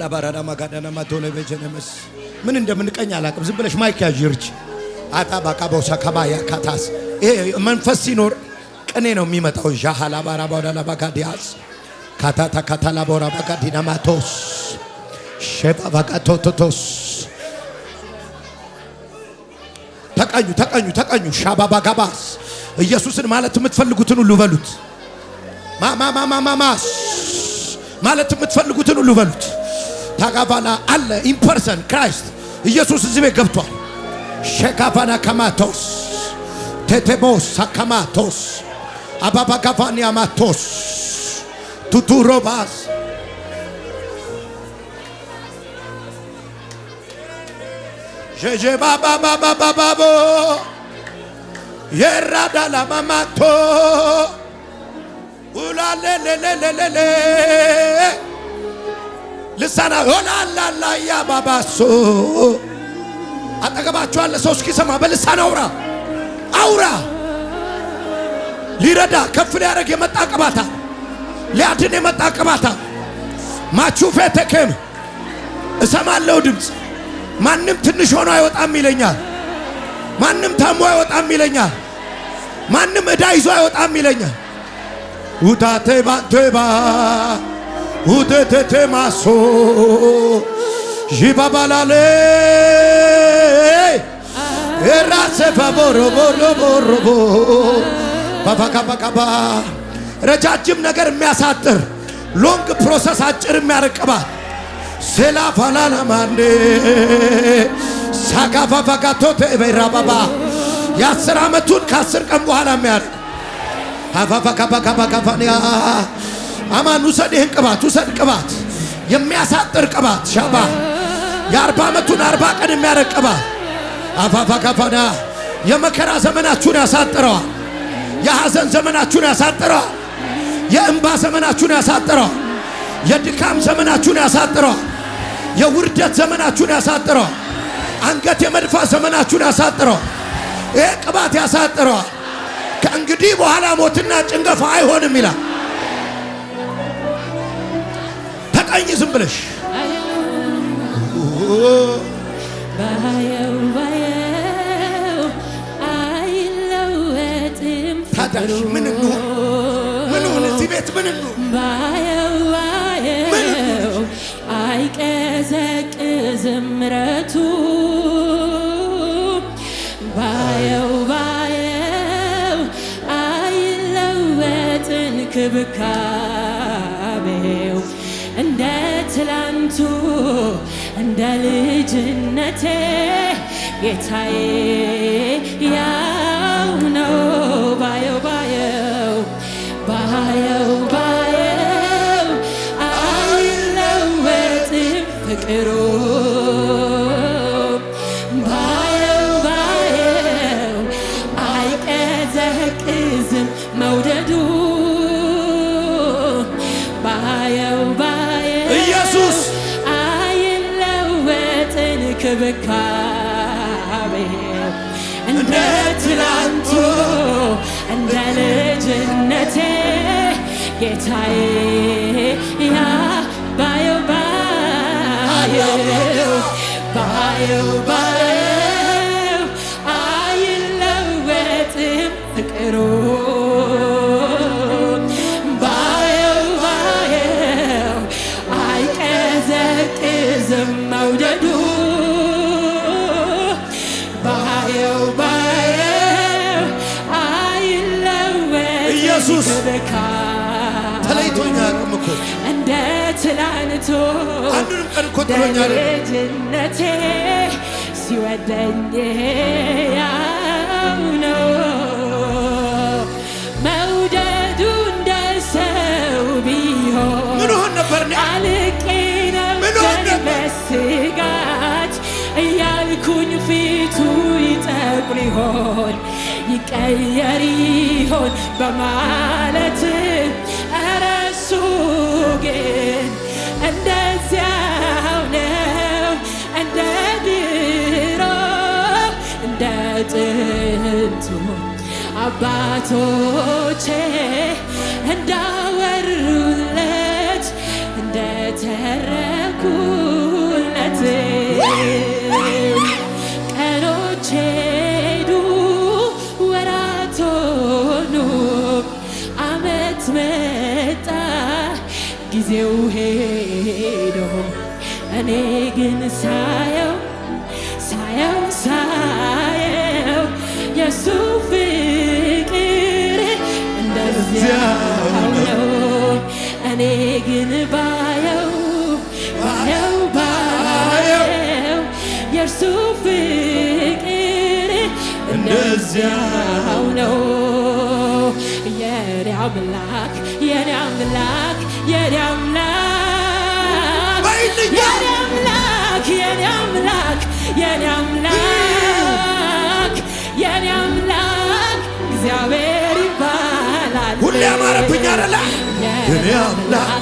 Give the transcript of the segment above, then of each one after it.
ላባራዳ ማጋዳና ማቶለ በጀነመስ ምን እንደምንቀኝ አላቅም። ዝም ብለሽ ማይክ ያዥርች አታ ባቃቦሳ ከባያ ካታስ ይሄ መንፈስ ሲኖር ቅኔ ነው የሚመጣው። ዣሃ ላባራ ባዳ ላባጋዲያስ ካታታ ካታላ ቦራ ባጋዲና ማቶስ ሸባ ባጋቶቶቶስ ተቀኙ ተቀኙ ተቀኙ ሻባ ባጋባስ ኢየሱስን ማለት የምትፈልጉትን ሁሉ በሉት። ማማማማማማስ ማለት የምትፈልጉትን ሁሉ በሉት። Papa in person Christ Jesus is capturado Shake kamatos tete bossa kamatos ababa gana matos robas je je yera da la mamato ልሳና ሆናላላያ ባባሶ አጠገባችኋለ ሰው እስኪሰማ በልሳን አውራ አውራ። ሊረዳ ከፍ ሊያደረግ የመጣ ቅባታ ሊያድን የመጣ ቅባታ ማቹ ፌተከም እሰማለሁ ድምፅ። ማንም ትንሽ ሆኖ አይወጣም ይለኛል። ማንም ታሞ አይወጣም ይለኛል። ማንም ዕዳ ይዞ አይወጣም ይለኛል። ውታቴ ባቴባ ውተተቴ ማሶ ዥባባላሌ ባባካባካባ ረጃጅም ነገር የሚያሳጥር ሎንግ ፕሮሰስ አጭር የሚያረቅባት ሴላ ፋላላማንዴ የአስር ዓመቱን ከአስር ቀን በኋላ የሚያርቅ አፋፋካባካባካፋንያ አማን ውሰድ፣ ይህን ቅባት ውሰድ። ቅባት የሚያሳጥር ቅባት ሻባ የአርባ ዓመቱን አርባ ቀን የሚያረግ ቅባት አፋፋ ካፋና የመከራ ዘመናችሁን ያሳጥረዋል። የሐዘን ዘመናችሁን ያሳጥረዋል። የእንባ ዘመናችሁን ያሳጥረዋል። የድካም ዘመናችሁን ያሳጥረዋል። የውርደት ዘመናችሁን ያሳጥረዋል። አንገት የመድፋ ዘመናችሁን ያሳጥረዋል። ይህ ቅባት ያሳጥረዋል። ከእንግዲህ በኋላ ሞትና ጭንገፋ አይሆንም ይላል። ስጠኝ ዝም ብለሽ ታዳሽ ምን ምን ሆን እዚህ ቤት ምን እንሆን አይቀዘቅዝም ምሕረቱ ባየው ባየው አይለወጥ እንክብካቤው እንደ ትላንቱ እንደ ልጅነቴ ጌታዬ ያው ነው። ባየው ባየው ባየው ባየው አይለወጥም ፍቅሩ እንደ ትላንቱ እንደ ልጅነቴ ጌታዬ ባየው ባየው ባየው ተፈቀድኩ ልጅነቴ ሲወደኝ ያው ነው መውደዱ እንደ ቢሆን ምን ሆን ነበር አልቄ በስጋት እያልኩኝ ፊቱ ይጠቁር ይሆን ይቀየር ይሆን በማለት እረሱ ጌ አባቶቼ እንዳወሩለት እንደተረኩለት ቀኖች ሄዱ ወራት ሆኑ አመት መጣ ጊዜው ሄዶ እኔ ግን ሳያ ግን ባየው ባየው ባየው የእርሱ ፍቅር እንደዚያው ነው። የኔ አምላክ የኔ አምላክ የኔ አምላክ የኔ አምላክ የኔ አምላክ የኔ አምላክ የኔ አምላክ እግዚአብሔር ይባላል። ሁሌ አማረብኝ አይደለ የኔ አምላክ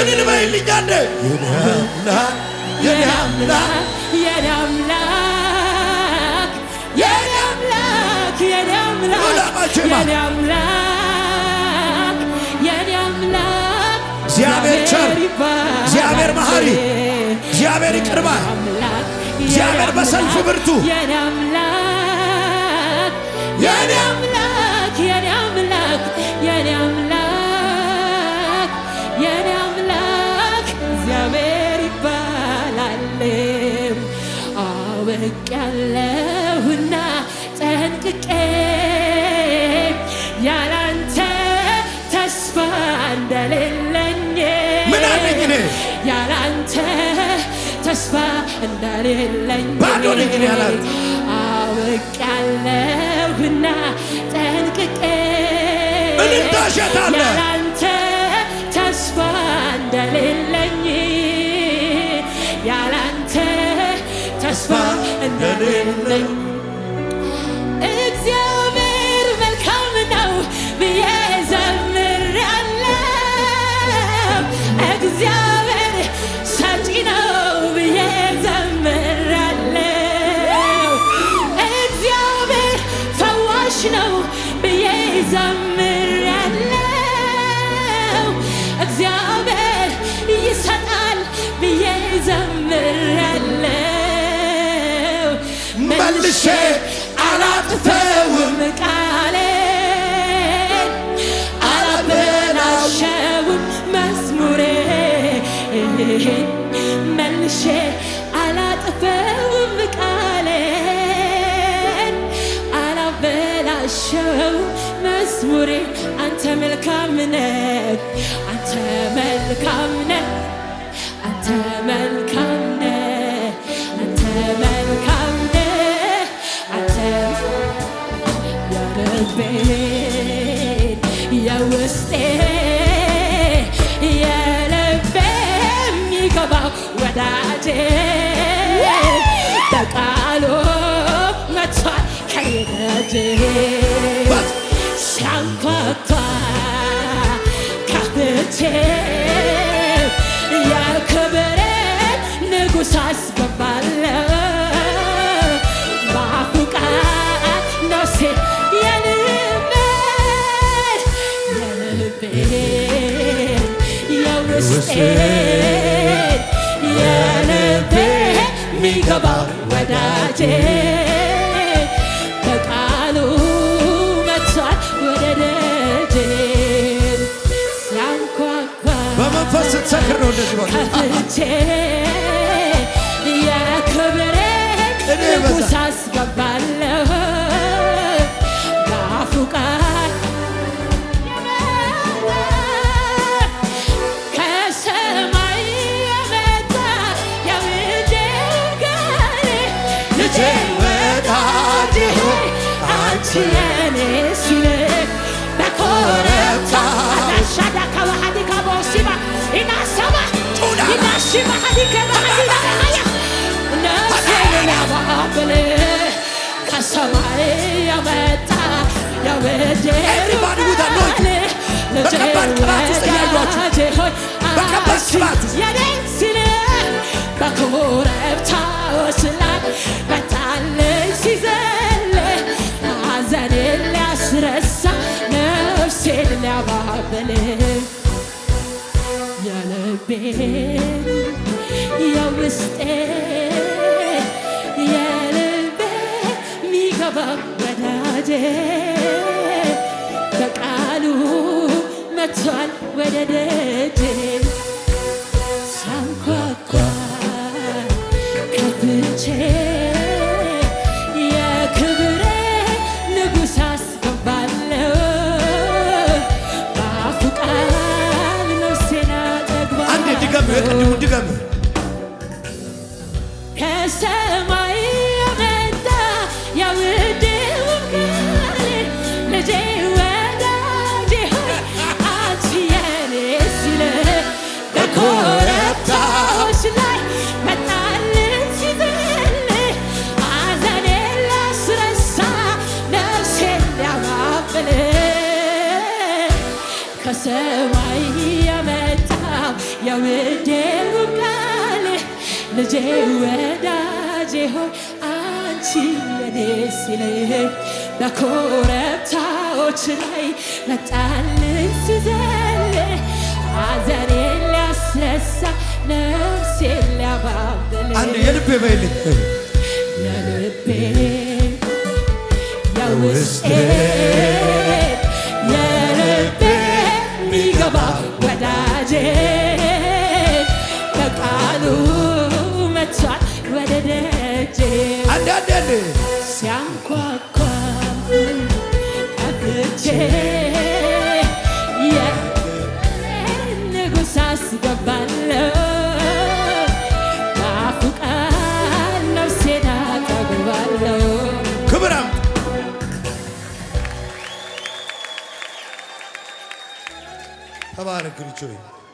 እኔን በይልኝ አንዴ የኔ አምላክ የኔ አምላክ የኔ አምላክ የኔ አምላክ የኔ አምላክ የኔ አምላክ የኔ አምላክ እግዚአብሔር ቸር፣ እግዚአብሔር መሐሪ፣ እግዚአብሔር ይቅር ባይ፣ እግዚአብሔር በሰልፍ ብርቱ የኔ አምላክ የኔ አምላክ የኔ አምላክ የኔ አምላክ አውቃለሁና ጠንቅቄ ያላንተ ተስፋ እንደሌለኝ ምን አለኝ እኔ ያላንተ ተስፋ እንደሌለኝ ባዶ ነኝ ጠንቅቄ ምን ተስፋ እንደሌለኝ እግዚአብሔር መልካም ነው ብዬ ዘምራለሁ። እግዚአብሔር ሰጪ ነው ብዬ ዘምራለሁ። እግዚአብሔር ፈዋሽ ነው ብዬ ዘምራለሁ። መልሼ አላጥፈውም ቃሌን አላበላሸውም መዝሙሬ መልሼ አላጥፈውም ቃሌን አላበላሸውም መዝሙሬ አንተ መልካም አንተ የልቤን የውስጤ የልቤ የሚገባው ወዳጄ በቃሉ መቷል ከደጄ ሲያንኳኳ ከፍቼ የክብሬ ንጉሥ አስገባል ውስጥ የልቤ ሚገባ ወዳጄ በቃሉ መጥቷል ወደ ደጄ ሲያንኳኳ በመንፈስ ስትሰክር ነው እንደዚህ tiene silencio la correta la shada kawa hadika Everybody with a እጆቼን ላባብል የልቤን የውስጤ የልቤ ሚገባ ወዳጄ በቃሉ መቷል ወደ ደጄ ወደው ቃል ልጄ ወዳጄ ሆይ አንቺ ለኔ በኮረብታዎች ላይ መጣልኝ ስዘል አዘኔን ሊያስረሳ ነፍሴን ሊያባብል አንድ የልቤ የልቤ የውስጤ መጥቷል ወደ ደጄ አንዳንዴ ሲያንኳኳ ከፍቼ ንጉሥ አስገባለሁ በአፉ ቃል ነፍሴን ተባረክ ልጆች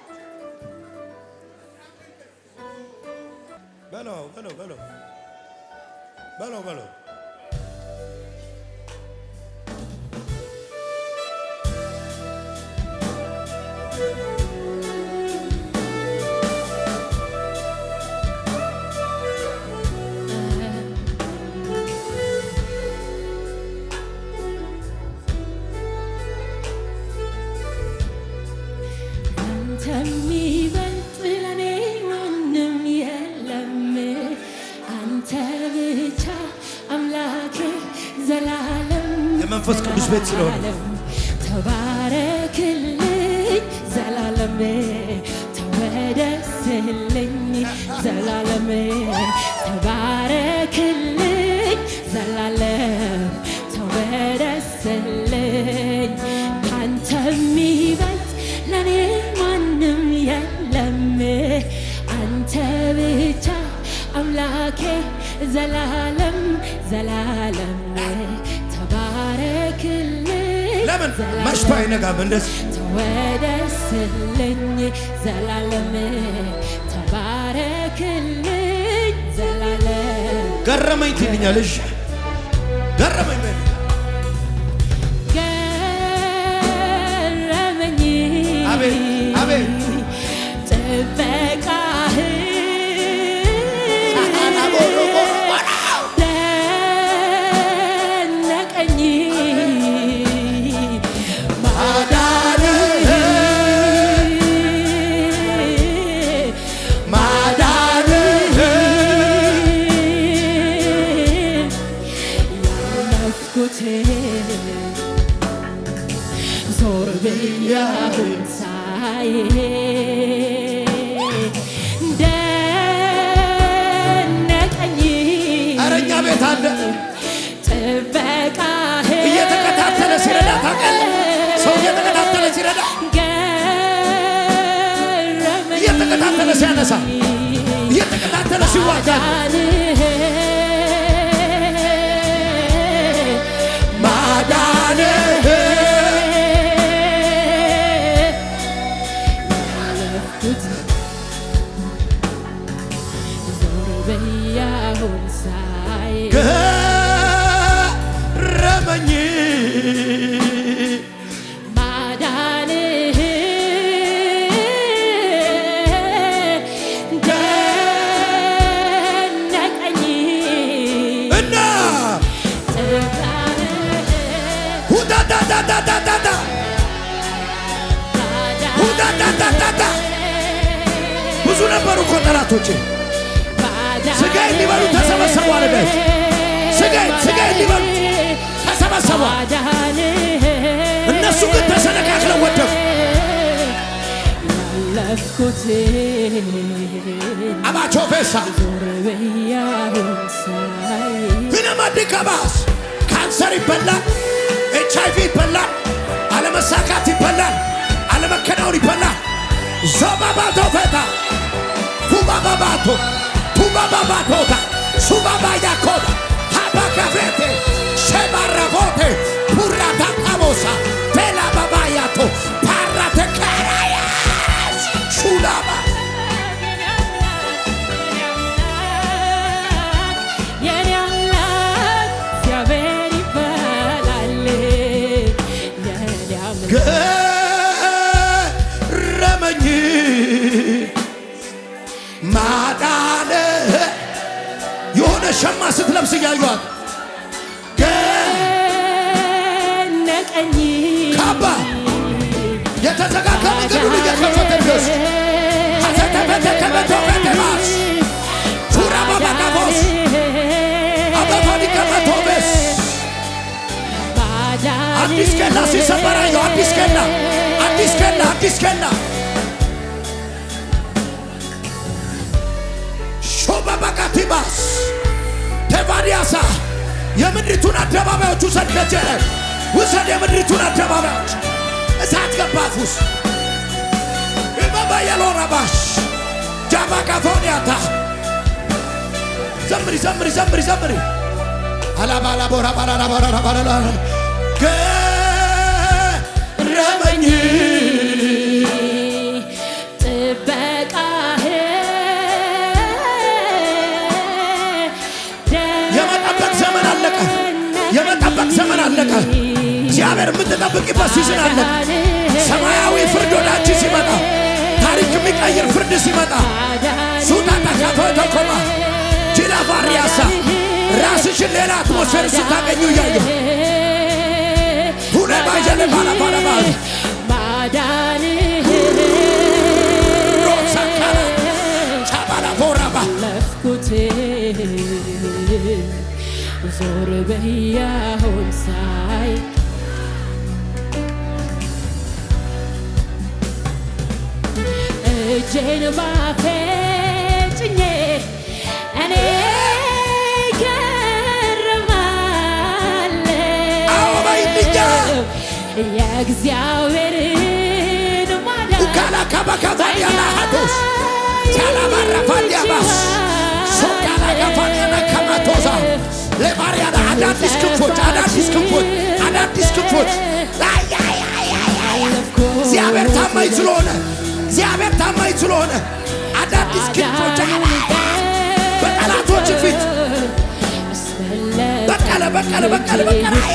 ካንተ ለኔ ማንም የለም። አንተ ብቻ አምላክ ዘላለም የመንፈስ ቅዱስ ቤት ስለሆነ ተባረክልኝ ዘላለም ተወደስልኝ ዘላለም ዘላለም ዘላለም ተባረክልኝ። ለምን መሽቶ አይነጋም? እንደዚህ ተወደስልኝ ዘላለም ተባረክልኝ ዘላለም ገረመኝ ትልኛለሽ ገረመኝ ሕይወቴ ዞር ብያለሁ ሳይ ደነቀኝ። ኧረ ቤት አለ ጥበቃ እየተከታተለ ሲረዳ ታውቃለህ። ሰው እየተከታተለ ሲረዳ እየተከታተለ ሲያነሳ እየተከታተለ ሲዋጋ እስካሁን ሳይ ገረመኝ ማዳንህ ደነቀኝ እና ሁዳዳዳዳዳዳ ብዙ ነበሩ እኮ ጠላቶቼ ስጋዬን ሊበሉ ተሰበሰቡ አለ ዳዊት። ስጋዬን ስጋዬን ተሰበሰቡ። እነሱ ግን ተሰነካክለው ወደቁ። አባቾ ፌሳ ብነማድቀባስ ካንሰር ይበላል፣ ኤች አይቪ ይበላል፣ አለመሳካት ይበላል፣ አለመከናወን ይበላል። ዞባባቶ ፌታ ኩባባባቶ ሱባባባቶታ ሱባባያኮባ ሀባካፍሬቴ ሸባራቦቴ ፑራታቃቦሳ ቴላባባያቶ ፓራቴካራያ ሹላባ ሸማ ስትለብስ እያዩት ገነቀኝ ካባ የተዘጋጋ መንገዱን እየከፈተ ድረስ አዲስ ገና ሲሰበራዩ አዲስ ገና አዲስ ገና አዲስ ገና ታዲያሳ የምድሪቱን አደባባዮች ውሰድ፣ ከጀለ ውሰድ፣ የምድሪቱን አደባባዮች እሳት ገባት ውስጥ በበየሎ ረባሽ ጃባ ካፎንያታ ዘምሪ ዘምሪ ዘምሪ ዘምሪ አላባላ ቦራ ባላላ ቦራ ባላላ ገረመኝ እግዚአብሔር የምትጠብቅበት ሲዝን አለ። ሰማያዊ ፍርድ ወዳች ሲመጣ ታሪክ የሚቀይር ፍርድ ሲመጣ ሱታ ታካቶ ተቆማ ጅላፋ ሪያሳ ራስሽን ሌላ አትሞስፌር ስታገኙ እያየ ሁነ ባይዘለ ባላባላባ ማዳን ዞር በያሁን ሳይ እጄን ባፌ ጭኜ እኔ ገርማለሁ የእግዚአብሔርን አዳዲስ ክንፎች አዳዲስ ክንፎች አዳዲስ ክንፎች እግዚአብሔር ታማኝ ስለሆነ እግዚአብሔር ታማኝ ስለሆነ አዳዲስ ክንፎች በጠላቶች ፊት በቀለ በቀለ በቀለ በቀለ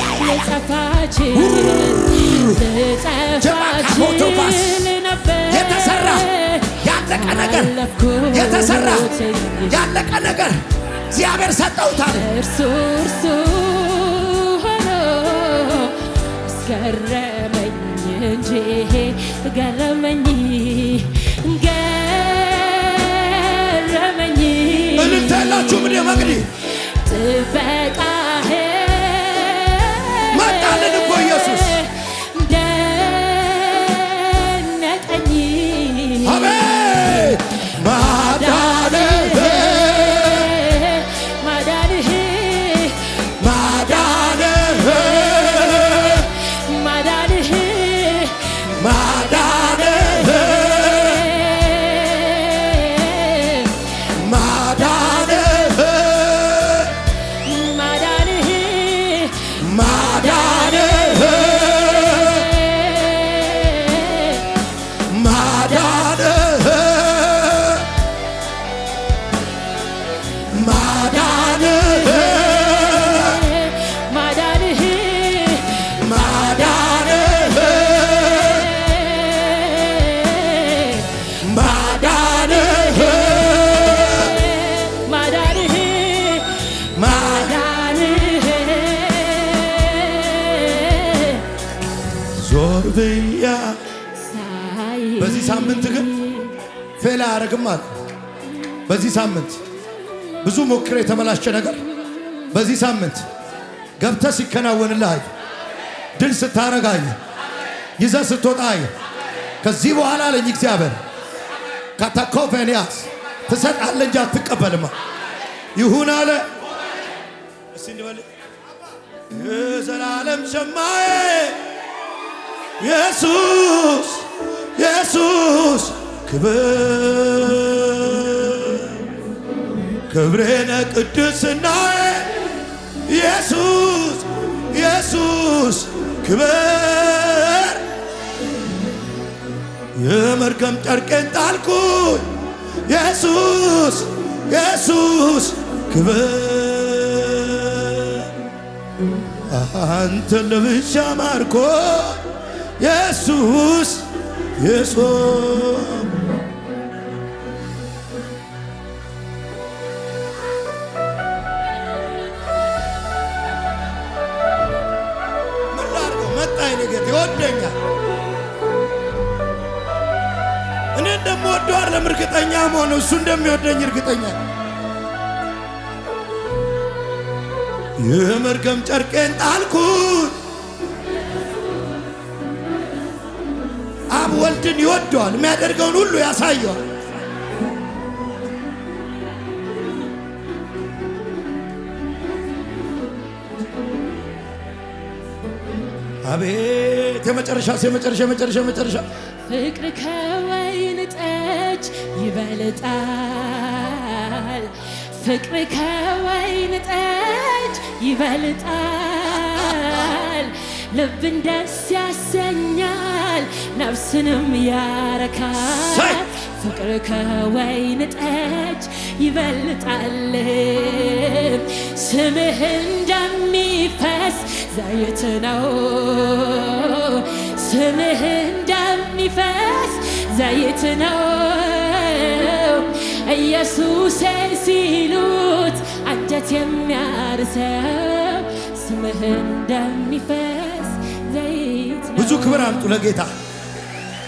የተሰራ ያለቀ ነገር የተሰራ ያለቀ ነገር እግዚአብሔር ሰጠውታል። እርሱ እርሱ ሆኖ እስገረመኝ እንጂ ገረመኝ ጌታ ያላችሁ ምድረ መቅዲ አላረግም አለ። በዚህ ሳምንት ብዙ ሞክረ የተበላሸ ነገር በዚህ ሳምንት ገብተ ሲከናወንልህ ድል ስታረጋይ ይዘ ስትወጣይ ከዚህ በኋላ አለኝ እግዚአብሔር ካታኮፌንያስ ትሰጣለህ እንጂ አትቀበልማ። ይሁን አለ ዘላለም ሸማዬ ኢየሱስ ኢየሱስ ክብር ክብሬነ ቅድስናዬ ኢየሱስ ኢየሱስ ክብር የመርገም ጨርቄን ጣልኩኝ ኢየሱስ ኢየሱስ ክብር አንተ ለብቻ ማርኮ ኢየሱስ ኢየሱስ መለገት ይወደኛል። እኔ እንደምወደው አይደለም እርግጠኛ መሆኑ እሱ እንደሚወደኝ እርግጠኛ የመርገም ጨርቄን ጣልኩት። አብ ወልድን ይወደዋል፣ የሚያደርገውን ሁሉ ያሳየዋል። አቤት የመጨረሻ የመጨረሻ የመጨረሻ የመጨረሻ ፍቅር ከወይን ጠጅ ይበልጣል። ፍቅር ከወይን ጠጅ ይበልጣል። ልብን ደስ ያሰኛል፣ ነፍስንም ያረካል። ፍቅር ከወይን ጠጅ ይበልጣል። ስምህ እንደሚፈስ መዛየት ነው ስምህ እንደሚፈስ ዘይት ነው ኢየሱሴ ሲሉት አንጀት የሚያርሰው ስምህ እንደሚፈስ ዘይት ብዙ ክብር አምጡ ለጌታ